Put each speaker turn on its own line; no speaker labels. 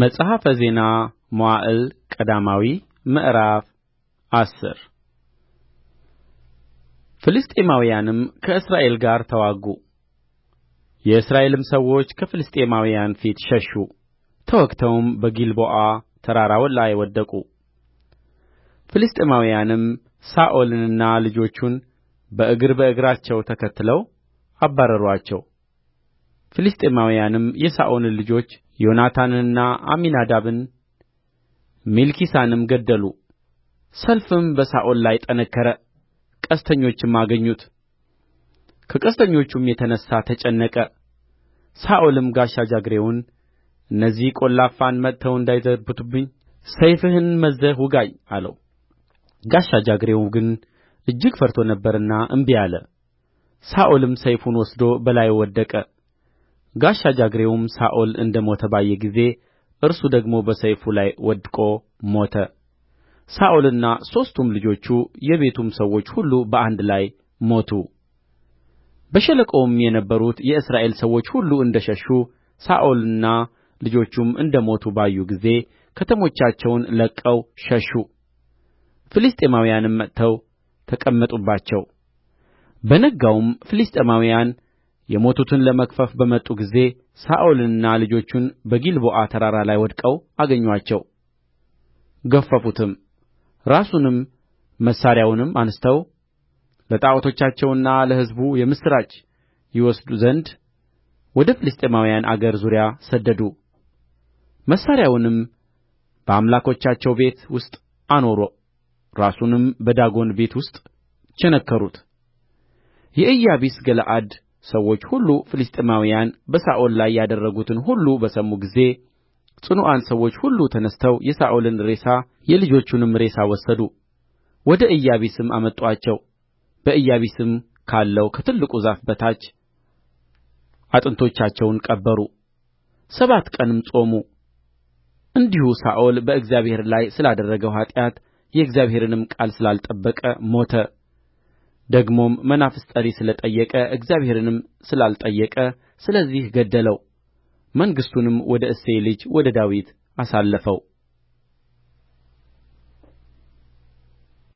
መጽሐፈ ዜና መዋዕል ቀዳማዊ ምዕራፍ አስር ፍልስጥኤማውያንም ከእስራኤል ጋር ተዋጉ። የእስራኤልም ሰዎች ከፍልስጥኤማውያን ፊት ሸሹ፣ ተወግተውም በጊልቦአ ተራራው ላይ ወደቁ። ፍልስጥኤማውያንም ሳኦልንና ልጆቹን በእግር በእግራቸው ተከትለው አባረሩአቸው። ፍልስጥኤማውያንም የሳኦልን ልጆች ዮናታንንና አሚናዳብን ሜልኪሳንም ገደሉ ሰልፍም በሳኦል ላይ ጠነከረ ቀስተኞችም አገኙት ከቀስተኞቹም የተነሣ ተጨነቀ ሳኦልም ጋሻ ጃግሬውን እነዚህ ቈላፋን መጥተው እንዳይዘብቱብኝ ሰይፍህን መዝዘህ ውጋኝ አለው ጋሻ ጃግሬው ግን እጅግ ፈርቶ ነበርና እንቢ አለ ሳኦልም ሰይፉን ወስዶ በላዩ ወደቀ ጋሻ ጃግሬውም ሳኦል እንደ ሞተ ባየ ጊዜ እርሱ ደግሞ በሰይፉ ላይ ወድቆ ሞተ ሳኦልና ሦስቱም ልጆቹ የቤቱም ሰዎች ሁሉ በአንድ ላይ ሞቱ በሸለቆውም የነበሩት የእስራኤል ሰዎች ሁሉ እንደ ሸሹ ሳኦልና ልጆቹም እንደ ሞቱ ባዩ ጊዜ ከተሞቻቸውን ለቅቀው ሸሹ ፍልስጥኤማውያንም መጥተው ተቀመጡባቸው በነጋውም ፍልስጥኤማውያን የሞቱትን ለመግፈፍ በመጡ ጊዜ ሳኦልንና ልጆቹን በጊልቦዓ ተራራ ላይ ወድቀው አገኙአቸው ገፈፉትም ራሱንም መሣሪያውንም አንሥተው ለጣዖቶቻቸውና ለሕዝቡ የምሥራች ይወስዱ ዘንድ ወደ ፍልስጥኤማውያን አገር ዙሪያ ሰደዱ መሣሪያውንም በአምላኮቻቸው ቤት ውስጥ አኖሮ ራሱንም በዳጎን ቤት ውስጥ ቸነከሩት የኢያቢስ ገለዓድ ሰዎች ሁሉ ፍልስጥኤማውያን በሳኦል ላይ ያደረጉትን ሁሉ በሰሙ ጊዜ ጽኑዓን ሰዎች ሁሉ ተነሥተው የሳኦልን ሬሳ የልጆቹንም ሬሳ ወሰዱ ወደ ኢያቢስም አመጡአቸው በኢያቢስም ካለው ከትልቁ ዛፍ በታች አጥንቶቻቸውን ቀበሩ ሰባት ቀንም ጾሙ እንዲሁ ሳኦል በእግዚአብሔር ላይ ስላደረገው ኃጢአት የእግዚአብሔርንም ቃል ስላልጠበቀ ሞተ ደግሞም መናፍስት ጠሪ ስለ ጠየቀ እግዚአብሔርንም ስላልጠየቀ ስለዚህ ገደለው መንግሥቱንም ወደ እሴይ ልጅ ወደ ዳዊት አሳለፈው